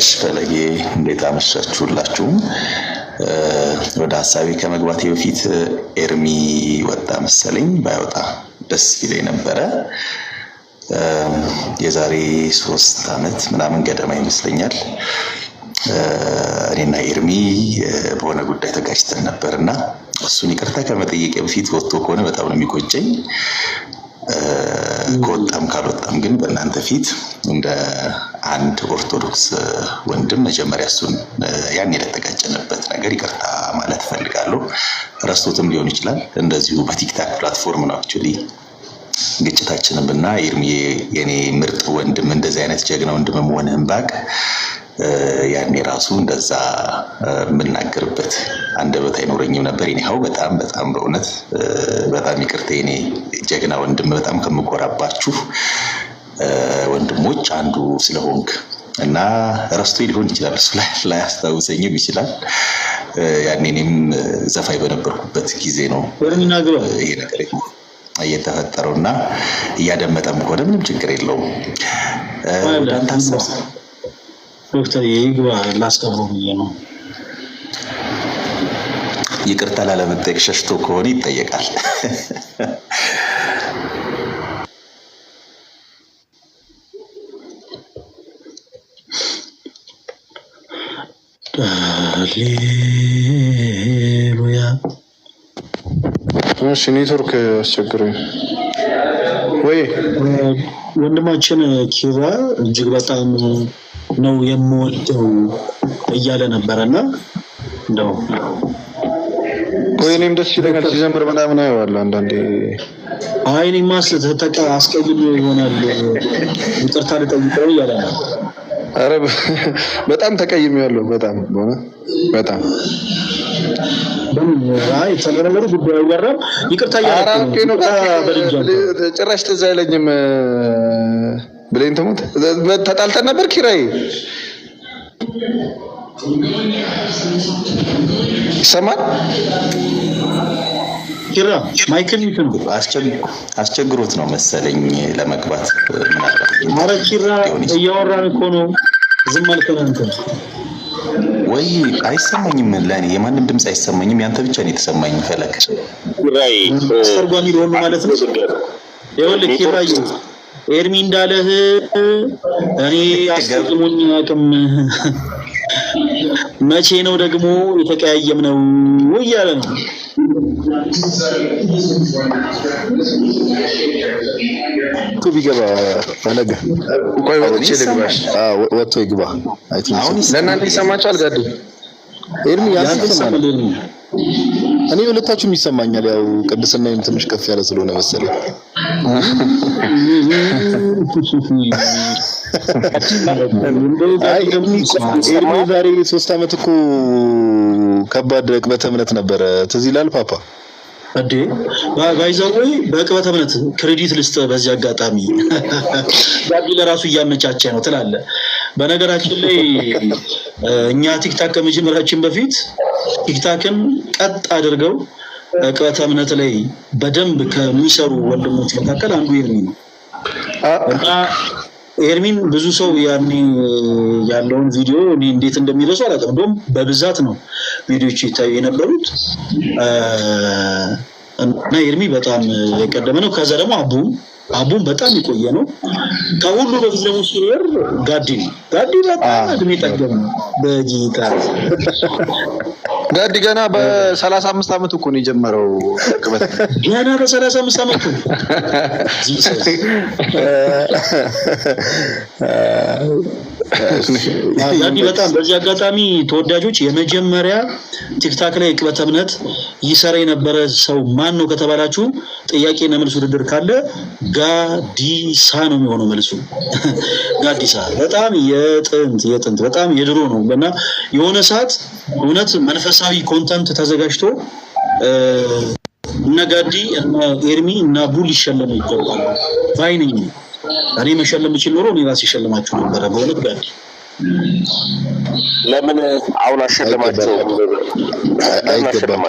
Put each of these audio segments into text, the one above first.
እሺ ፈለጌ እንዴት አመሻችሁላችሁም። ወደ ሀሳቤ ከመግባቴ በፊት ኤርሚ ወጣ መሰለኝ፣ ባይወጣ ደስ ይለኝ ነበረ። የዛሬ ሶስት ዓመት ምናምን ገደማ ይመስለኛል እኔና ኤርሚ በሆነ ጉዳይ ተጋጭተን ነበር እና እሱን ይቅርታ ከመጠየቅ በፊት ወጥቶ ከሆነ በጣም ነው የሚቆጨኝ። ከወጣም ካልወጣም ግን በእናንተ ፊት እንደ አንድ ኦርቶዶክስ ወንድም መጀመሪያ እሱን ያን የተጋጨንበት ነገር ይቅርታ ማለት እፈልጋለሁ። ረስቶትም ሊሆን ይችላል። እንደዚሁ በቲክታክ ፕላትፎርም ነው አክቹዋሊ ግጭታችንም እና የኔ ምርጥ ወንድም እንደዚህ አይነት ጀግና ወንድም መሆንህን ባቅ ያኔ ራሱ እንደዛ የምናገርበት አንደበት አይኖረኝም ነበር። ኒው በጣም በጣም በእውነት በጣም ይቅርታ የኔ ጀግና ወንድም፣ በጣም ከምኮራባችሁ ወንድሞች አንዱ ስለሆንክ እና ረስቶ ሊሆን ይችላል እሱ ላያስታውሰኝም ይችላል። ያኔ እኔም ዘፋኝ በነበርኩበት ጊዜ ነው ይሄ ነገር እየተፈጠረው እና እያደመጠም ከሆነ ምንም ችግር የለውም። ዶክተር ይግባ ላስቀብሮ ብዬ ነው። ይቅርታ ላለመጠየቅ ሸሽቶ ከሆነ ይጠየቃል። ሃሌሉያ። እሺ ኔትወርክ አስቸግረኝ ወይ ወንድማችን ኪራ እጅግ በጣም ነው የምወደው እያለ ነበረ እና እንደው ወይኔም ደስ ይለኛል ሲዘምር ምናምን አየዋለሁ አንዳንዴ። አይ እኔማ ስተጠቀ አስቀይሜ ይሆናል ይቅርታ ልጠይቀው እያለ ነው። ኧረ በጣም ተቀይም ያለው በጣም ሆነ በጣም ተነገሩ ጉዳዩ ያራም ይቅርታ ጭራሽ ትዝ አይለኝም ብሌን ትሞት ተጣልተን ነበር ኪራይ ይሰማል ማይክል አስቸግሮት ነው መሰለኝ ለመግባት ኧረ ኪራ እያወራን እኮ ነው ዝም አልከን ወይ አይሰማኝም ለእኔ የማንም ድምፅ አይሰማኝም ያንተ ብቻ ነው የተሰማኝ ፈለክ ኪራይ አስተርጓሚ ሊሆኑ ማለት ነው ይኸውልህ ኪራይ ኤርሚ እንዳለህ እኔ አስገጥሙኝ አቅም መቼ ነው ደግሞ የተቀያየም ነው እያለ ነው። ቱ ቢገባ ፈለገ ቆይ ወጥቼ ልግባሽ። ወጥቶ ይግባ። ለእናንተ ይሰማችኋል? ጋዱ ኤርሚ እኔ ሁለታችሁም ይሰማኛል። ያው ቅድስና ትንሽ ከፍ ያለ ስለሆነ መሰለኝ ዛሬ ሶስት ዓመት እኮ ከባድ እቅበተ እምነት ነበረ። ትዝ ይላል ፓፓ እንዴ ባይዘወይ በቅበተ እምነት ክሬዲት ልስጥ። በዚህ አጋጣሚ ጋቢ ለራሱ እያመቻቸ ነው ትላለ። በነገራችን ላይ እኛ ቲክታክ ከመጀመራችን በፊት ቲክታክን ቀጥ አድርገው እቅበተ እምነት ላይ በደንብ ከሚሰሩ ወንድሞች መካከል አንዱ ኤርሚ ነው እና ኤርሚን ብዙ ሰው ያኔ ያለውን ቪዲዮ እኔ እንዴት እንደሚለሱ አላውቅም። እንደውም በብዛት ነው ቪዲዮች ይታዩ የነበሩት እና ኤርሚ በጣም የቀደመ ነው። ከዛ ደግሞ አቡም አቡም በጣም የቆየ ነው። ከሁሉ በፊት ደግሞ ሲሄር ጋዲ ነው። ጋዲ በጣም እድሜ ጠገብ ነው በጊታ ጋዲ ገና በሰላሳ አምስት ዓመቱ እኮ ነው የጀመረው። ገና በሰላሳ አምስት ዓመቱ ነው አጋቢ በጣም በዚህ አጋጣሚ ተወዳጆች የመጀመሪያ ቲክታክ ላይ ቅበተ እምነት ይሰራ የነበረ ሰው ማን ነው ከተባላችሁ ጥያቄና መልስ ውድድር ካለ ጋዲሳ ነው የሚሆነው መልሱ። ጋዲሳ በጣም የጥንት የጥንት በጣም የድሮ ነው እና የሆነ ሰዓት እውነት መንፈሳዊ ኮንተንት ተዘጋጅቶ እነ ጋዲ እነ ኤርሚ እና ቡል ይሸለሙ ይገባሉ ባይነኝ እኔ መሸለም እችል ኖሮ እኔ ራሴ የሸልማችሁ ነበረ። በእውነት ጋር ለምን አሁን አሸለማቸው? አይገባም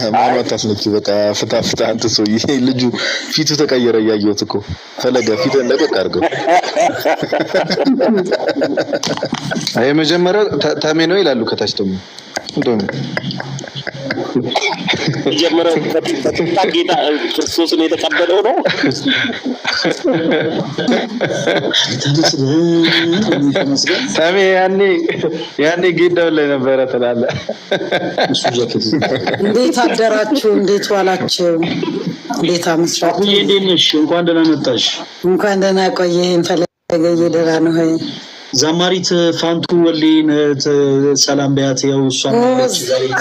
ሃይማኖት አስነኪ በቃ ፍታ ፍታ። አንተ ሰውዬ ልጁ ፊቱ ተቀየረ፣ እያየሁት እኮ ፈለገ ፊትን ለቀቅ አድርገው። የመጀመሪያው ተሜ ነው ይላሉ ከታች ደግሞ ክርስቶስን የተቀበለው ነው። ሰሜ ያኔ ያኔ ጌዳው ላይ ነበረ ትላለህ። እንዴት አደራችሁ? እንዴት ዋላችሁ? እንዴት አመሻችሁ? እንኳን ደህና መጣሽ። እንኳን ደህና ቆየህ። ፈለገ እየደራ ነው ሆይ ዘማሪት ፋንቱ ወሌን ሰላም በያት። ያው እሷ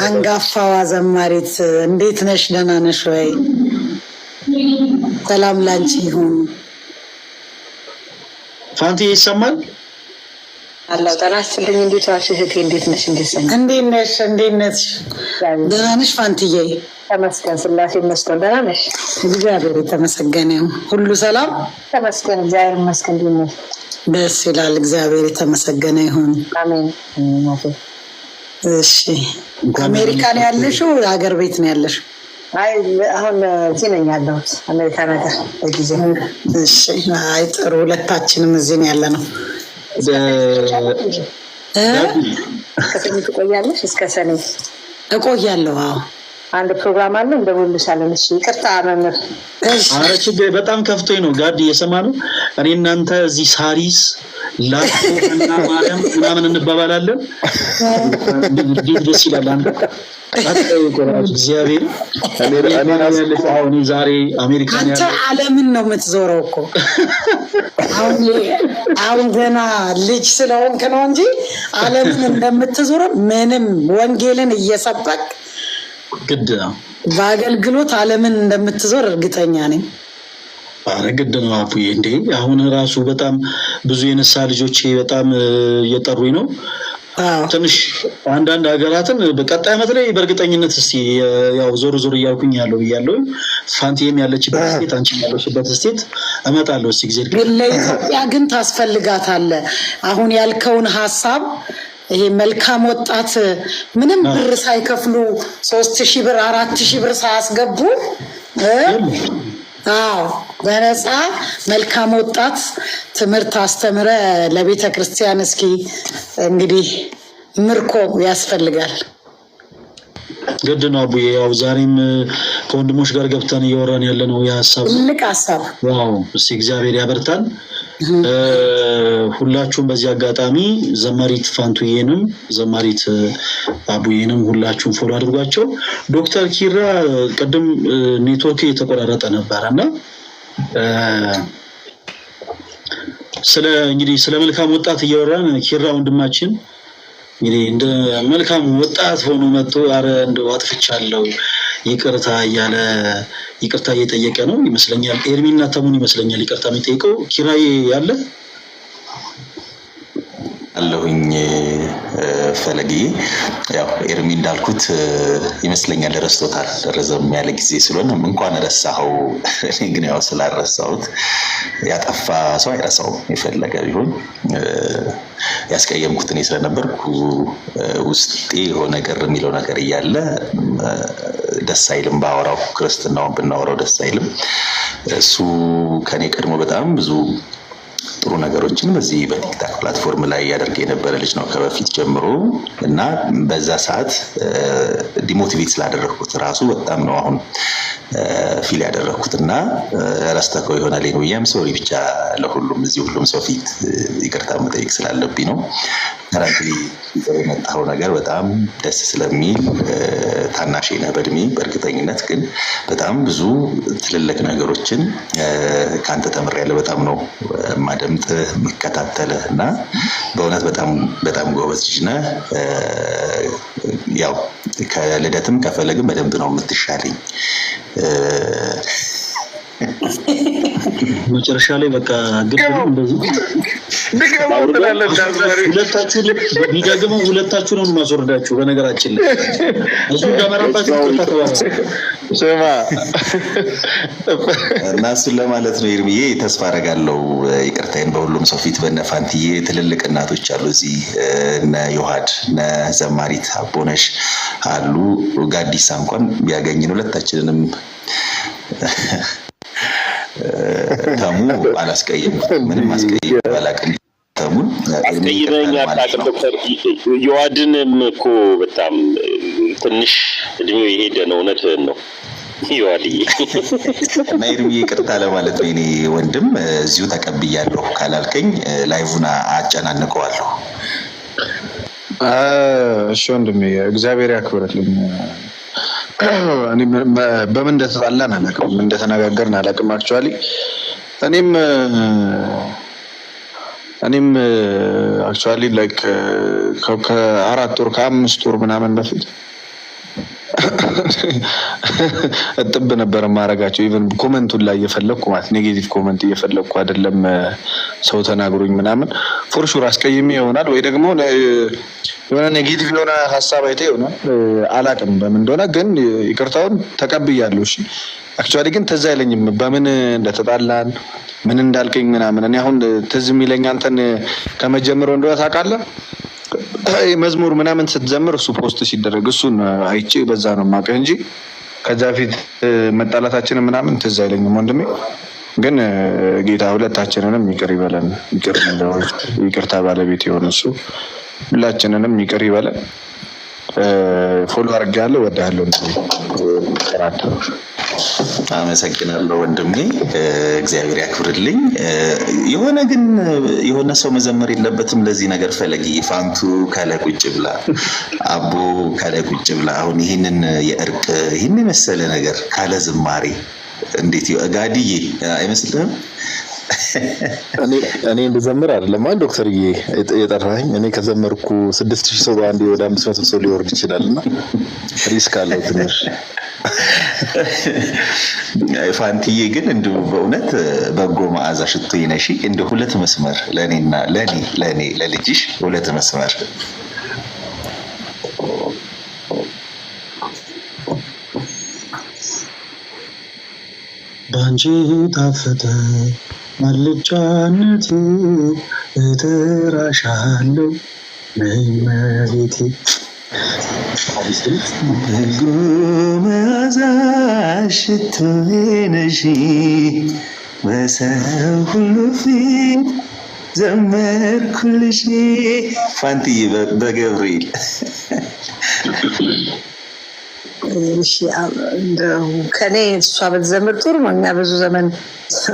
አንጋፋዋ ዘማሪት እንዴት ነሽ? ደህና ነሽ ወይ? ሰላም ላንቺ ይሁን። ፋንቲ ይሰማል? አላው ጠና ስልኝ። እንዴት ዋልሽ እህቴ? እንዴት ነሽ? እንዴት ነሽ? እንዴት ነሽ? ደህና ነሽ ፋንትዬ? ተመስገን ስላሴ ይመስገን። ደህና ነሽ? እግዚአብሔር የተመሰገነ ሁሉ ሰላም። ተመስገን እግዚአብሔር ይመስገን። እንዴት ነሽ? ደስ ይላል። እግዚአብሔር የተመሰገነ ይሁን። እሺ፣ አሜሪካ ነው ያለሽው? ሀገር ቤት ነው ያለሽው? አሁን እዚህ ነኝ ያለሁት አሜሪካ ነገር ጊዜ። አይ ጥሩ። ሁለታችንም እዚህ ነው ያለ ነው። እስከ ሰኔ ትቆያለሽ? እስከ ሰኔ እቆያለሁ። አዎ አንድ ፕሮግራም አለ እንደውልሻለን። እሺ ይቅርታ መምህር። ኧረ ችግር በጣም ከፍቶኝ ነው ጋድ እየሰማ ነው። እኔ እናንተ እዚህ ሳሪስ ላና ማርያም ምናምን እንባባላለን። እንዴት ደስ ይላል! አንተ እግዚአብሔር ዛሬ አሜሪካ አንተ ዓለምን ነው የምትዞረው እኮ አሁን ገና ልጅ ስለሆንክ ነው እንጂ ዓለምን እንደምትዞረው ምንም ወንጌልን እየሰበክ ግድ ነው። በአገልግሎት አለምን እንደምትዞር እርግጠኛ ነኝ። አረ ግድ ነው አቡዬ። እንዴ አሁን ራሱ በጣም ብዙ የነሳ ልጆቼ በጣም እየጠሩኝ ነው። ትንሽ አንዳንድ ሀገራትን በቀጣይ ዓመት ላይ በእርግጠኝነት እስኪ ያው ዞር ዞር እያልኩኝ ያለው እያለው ፋንቲም ያለችበት ስቴት፣ አንቺ ያለችበት ስቴት እመጣለሁ። እስኪ ጊዜ ግን ለኢትዮጵያ ግን ታስፈልጋታለህ አሁን ያልከውን ሀሳብ ይሄ መልካም ወጣት ምንም ብር ሳይከፍሉ ሶስት ሺህ ብር አራት ሺህ ብር ሳያስገቡ አዎ በነፃ መልካም ወጣት ትምህርት አስተምረ ለቤተ ክርስቲያን እስኪ እንግዲህ ምርኮ ያስፈልጋል። ግድ ነው አቡዬ። ያው ዛሬም ከወንድሞች ጋር ገብተን እያወራን ያለ ነው የሀሳብ ትልቅ ሀሳብ። እስኪ እግዚአብሔር ያበርታን። ሁላችሁም በዚህ አጋጣሚ ዘማሪት ፋንቱዬንም ዘማሪት አቡዬንም ሁላችሁም ፎሎ አድርጓቸው። ዶክተር ኪራ ቅድም ኔትወርክ የተቆራረጠ ነበረ እና ስለ እንግዲህ ስለ መልካም ወጣት እያወራን ኪራ ወንድማችን እንግዲህ እንደ መልካም ወጣት ሆኖ መጥቶ አረ እንደው አጥፍቻለሁ ይቅርታ እያለ ይቅርታ እየጠየቀ ነው ይመስለኛል። ኤርሚና ተሙን ይመስለኛል ይቅርታ የሚጠይቀው ኪራይ ያለ አለሁኝ ፈለግዬ። ያው ኤርሚ እንዳልኩት ይመስለኛል ረስቶታል፣ ረዘም ያለ ጊዜ ስለሆነ እንኳን ረሳኸው። እኔ ግን ያው ስላረሳሁት ያጠፋ ሰው አይረሳውም፣ የፈለገ ቢሆን። ያስቀየምኩት እኔ ስለነበርኩ ውስጤ የሆነ ነገር የሚለው ነገር እያለ ደስ አይልም፣ ባወራው ክርስትናውን ብናወራው ደስ አይልም። እሱ ከኔ ቀድሞ በጣም ብዙ ጥሩ ነገሮችን በዚህ በቲክታክ ፕላትፎርም ላይ ያደርግ የነበረ ልጅ ነው ከበፊት ጀምሮ እና በዛ ሰዓት ዲሞቲቬት ስላደረግኩት ራሱ በጣም ነው አሁን ፊል ያደረግኩት እና ረስተከው ይሆናል ብዬም ሶሪ ብቻ ለሁሉም እዚህ ሁሉም ሰው ፊት ይቅርታ መጠየቅ ስላለብኝ ነው። ከረንትሊ ይዘው የመጣው ነገር በጣም ደስ ስለሚል ታናሽ ነህ በእድሜ በእርግጠኝነት ግን በጣም ብዙ ትልልቅ ነገሮችን ከአንተ ተምሬያለሁ። በጣም ነው ማደምጥ የምከታተልህ እና በእውነት በጣም በጣም ጎበዝ ልጅ ነህ። ያው ከልደትም ከፈለግም በደንብ ነው የምትሻለኝ። መጨረሻ ላይ በቃ የሚደግመው ሁለታችሁ ነው የማስወርዳችሁ። በነገራችን ላይ እሱ እንዳመራባችሁ ስማ እና እሱን ለማለት ነው ይርምዬ ተስፋ አደርጋለሁ። ይቅርታይን በሁሉም ሰው ፊት በነፋንትዬ ትልልቅ እናቶች አሉ እዚህ እነ ዮሐድ እነ ዘማሪት አቦነሽ አሉ። ጋዲሳ እንኳን ቢያገኝን ሁለታችንንም ተሙ አላስቀይም፣ ምንም አስቀይም አላቅም። ተሙን አስቀይመኝ አታውቅም። ዶክተር ዮዋድንም እኮ በጣም ትንሽ እድሜው የሄደ ነው። እውነትህን ነው ዮዋድዬ። እና እድሜዬ ቅርታ ለማለት ነው። እኔ ወንድም እዚሁ ተቀብያለሁ ካላልከኝ ላይቡና አጨናንቀዋለሁ። እሺ ወንድም፣ እግዚአብሔር ያክብረልኝ። በምን እንደተጣላን አላውቅም፣ እንደተነጋገርን አላውቅም። አክቹዋሊ እኔም እኔም አክቹዋሊ ላይክ ከአራት ወር ከአምስት ወር ምናምን በፊት እጥብ ነበር ማረጋቸው። ኢቨን ኮመንቱን ላይ እየፈለግኩ ማለት ኔጌቲቭ ኮመንት እየፈለግኩ አይደለም ሰው ተናግሮኝ ምናምን ፎርሹር አስቀይሜ ይሆናል ወይ ደግሞ የሆነ ኔጌቲቭ የሆነ ሀሳብ አይተ የሆነ አላቅም በምን እንደሆነ ግን ይቅርታውን ተቀብያለሁ። እሺ አክቹዋሊ ግን ትዝ አይለኝም በምን እንደተጣላን ምን እንዳልከኝ ምናምን። እኔ አሁን ትዝ የሚለኝ አንተን ከመጀመሪያው እንደሆነ ታውቃለህ። መዝሙር ምናምን ስትዘምር እሱ ፖስት ሲደረግ እሱን አይቼ በዛ ነው የማውቅህ እንጂ ከዛ ፊት መጣላታችንን ምናምን ትዝ አይለኝም ወንድሜ። ግን ጌታ ሁለታችንንም ይቅር ይበለን። ይቅርታ ባለቤት የሆነ እሱ ሁላችንንም ይቅር ይበለን። ፎሎ አድርጌያለሁ። እወድሃለሁ። አመሰግናለሁ ወንድሜ፣ እግዚአብሔር ያክብርልኝ። የሆነ ግን የሆነ ሰው መዘመር የለበትም ለዚህ ነገር ፈለጊ ፋንቱ ከለ ቁጭ ብላ፣ አቦ ከለ ቁጭ ብላ። አሁን ይህንን የእርቅ ይህን የመሰለ ነገር ካለ ዝማሬ እንዴት ጋድዬ አይመስልህም? እኔ እንድዘምር አይደለም አን ዶክተርዬ የጠራኝ። እኔ ከዘመርኩ ስድስት ሺህ ሰው በአንድ ወደ አምስት መቶ ሰው ሊወርድ ይችላል እና ሪስክ አለው ትንሽ። ፋንትዬ ግን እንዲ በእውነት በጎ መዓዛ ሽቶ ይነሺ እንደ ሁለት መስመር ለእኔና ለእኔ ለእኔ ለልጅሽ ሁለት መስመር በአንቺ ታፈተ አልጫነቴ እጠራሻለሁ መቤቴ በጎ መዓዛሽ ሽቶዬ ነሽ በሰው ሁሉ ፊት ዘመርኩልሽ ፋንትዬ በገብርኤል ከኔ እሷ ብትዘምር ጥሩ ነው። እኛ ብዙ ዘመን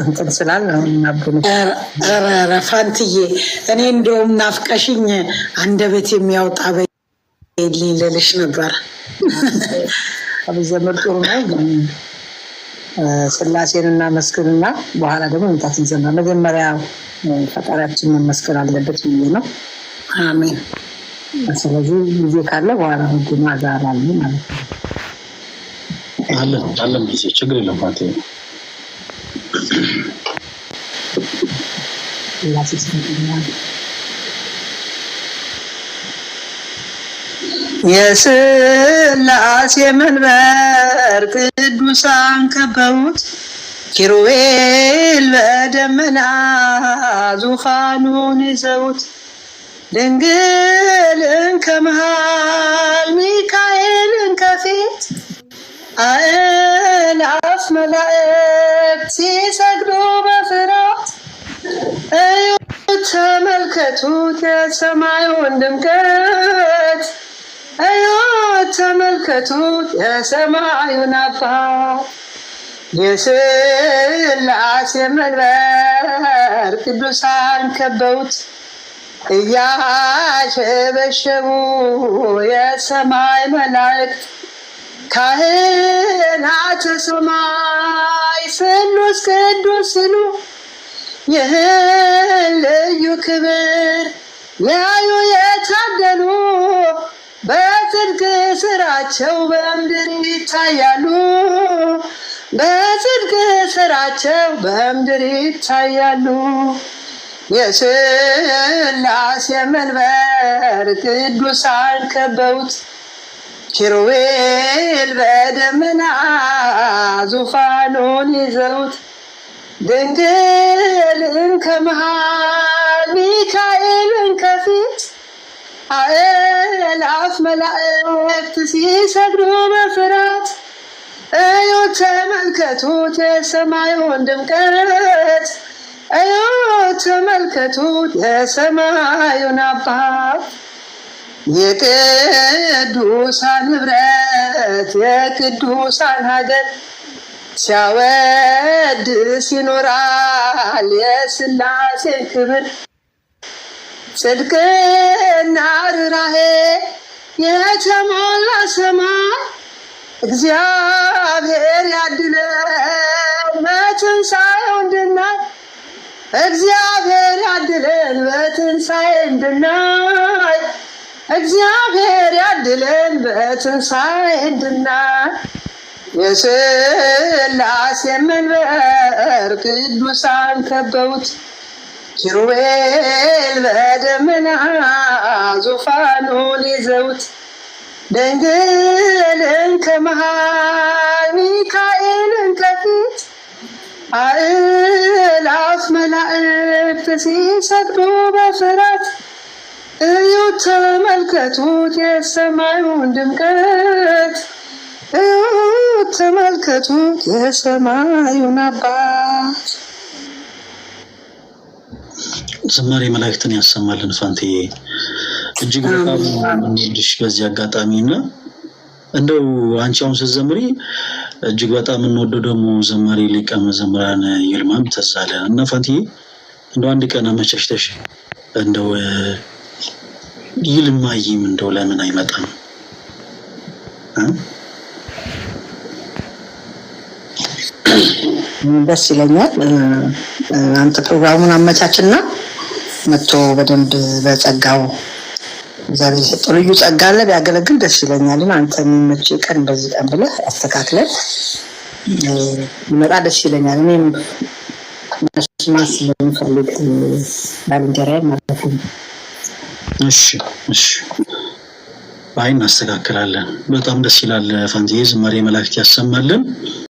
እንትን ስላል ነው። ኧረ ፋንትዬ እኔ እንደውም ናፍቀሽኝ አንደበት የሚያወጣ በይልኝ ልልሽ ነበር። ብትዘምር ጥሩ ነው። ስላሴን እናመስግንና በኋላ ደግሞ መምጣት እንዘምራ። መጀመሪያ ፈጣሪያችን መመስገን አለበት ብዬ ነው። አሜን። ስለዚህ ጊዜ ካለ በኋላ ህጉ ማዛር አለ ማለት ነው። አለን አለን ጊዜ ችግር የለም። ፋቴ የስላሴ መንበር ቅዱሳን ከበውት ኪሩቤል በደመና ዙፋኑን ይዘውት ድንግልን ከመሃል ሚካኤልን ከፊት አእላፍ መላእክት ሲሰግዱ በፍርሃት እዩት፣ ተመልከቱት የሰማዩን ድምቀት እዩት፣ ተመልከቱት የሰማዩን አባት የስላሴ መንበር ቅዱሳን ከበውት እያሸበሸቡ የሰማይ መላእክት ካህናተ ሰማይ ስሉስ ቅዱስ ስሉ ይህን ልዩ ክብር ያዩ የታደሉ በጽድቅ ስራቸው በምድር ይታያሉ። በጽድቅ ስራቸው በምድር ይታያሉ። የስላሴ መንበር ቅዱሳን ከበውት كرويل بدمنا زفانون زوت دنجل انك محال ميكايل انك فيت عائل عف ملائف تسي سجرو مفرات ايو تملكتو تسمعون دمكت ايو تملكتو تسمعون ابطاف የቅዱሳን ህብረት የቅዱሳን ሀገር ሲያወድስ ይኖራል የስላሴን ክብር ጽድቅና ርራሄ የተሞላ ሰማ እግዚአብሔር ያድለን በትንሣኤው እንድናይ እግዚአብሔር ያድለን በትንሣኤ እንድናይ እግዚአብሔር ያድለን በትንሣኤ እንድና የሥላሴ መንበር ቅዱሳን ከበውት ኪሩቤል በደመና ዙፋኑን ይዘውት ድንግልን ከመሃል ሚካኤልን ከፊት አእላፍ መላእክት ሲሰግዱ በፍራት እዩት ተመልከቱት የሰማዩን ድምቀት እዩት ተመልከቱት የሰማዩን አባት። ዝማሬ መላእክትን ያሰማልን። ፋንትዬ እጅግ በጣም እንወድሽ በዚህ አጋጣሚ እና እንደው አንቺ አሁን ስትዘምሪ እጅግ በጣም የምንወደው ደግሞ ዘማሪ ሊቀ መዘምራን ይልማም ተዛለን እና ፋንትዬ እንደው አንድ ቀን አመቻችተሽ እንደው ይልማይም እንደው ለምን አይመጣም? ደስ ይለኛል። አንተ ፕሮግራሙን አመቻችና መጥቶ በደንብ በጸጋው እግዚአብሔር የሰጠው ልዩ ጸጋ አለ ቢያገለግል ደስ ይለኛል። አንተ የሚመች ቀን በዚህ ቀን ብለህ አስተካክለን ይመጣ ደስ ይለኛል። እኔም መስማት ስለሚፈልግ ባልንጀራዬን ማለት ነው እሺ እሺ አይ እናስተካክላለን። በጣም ደስ ይላል። ፈንዚ ዝማሬ መላእክት ያሰማልን።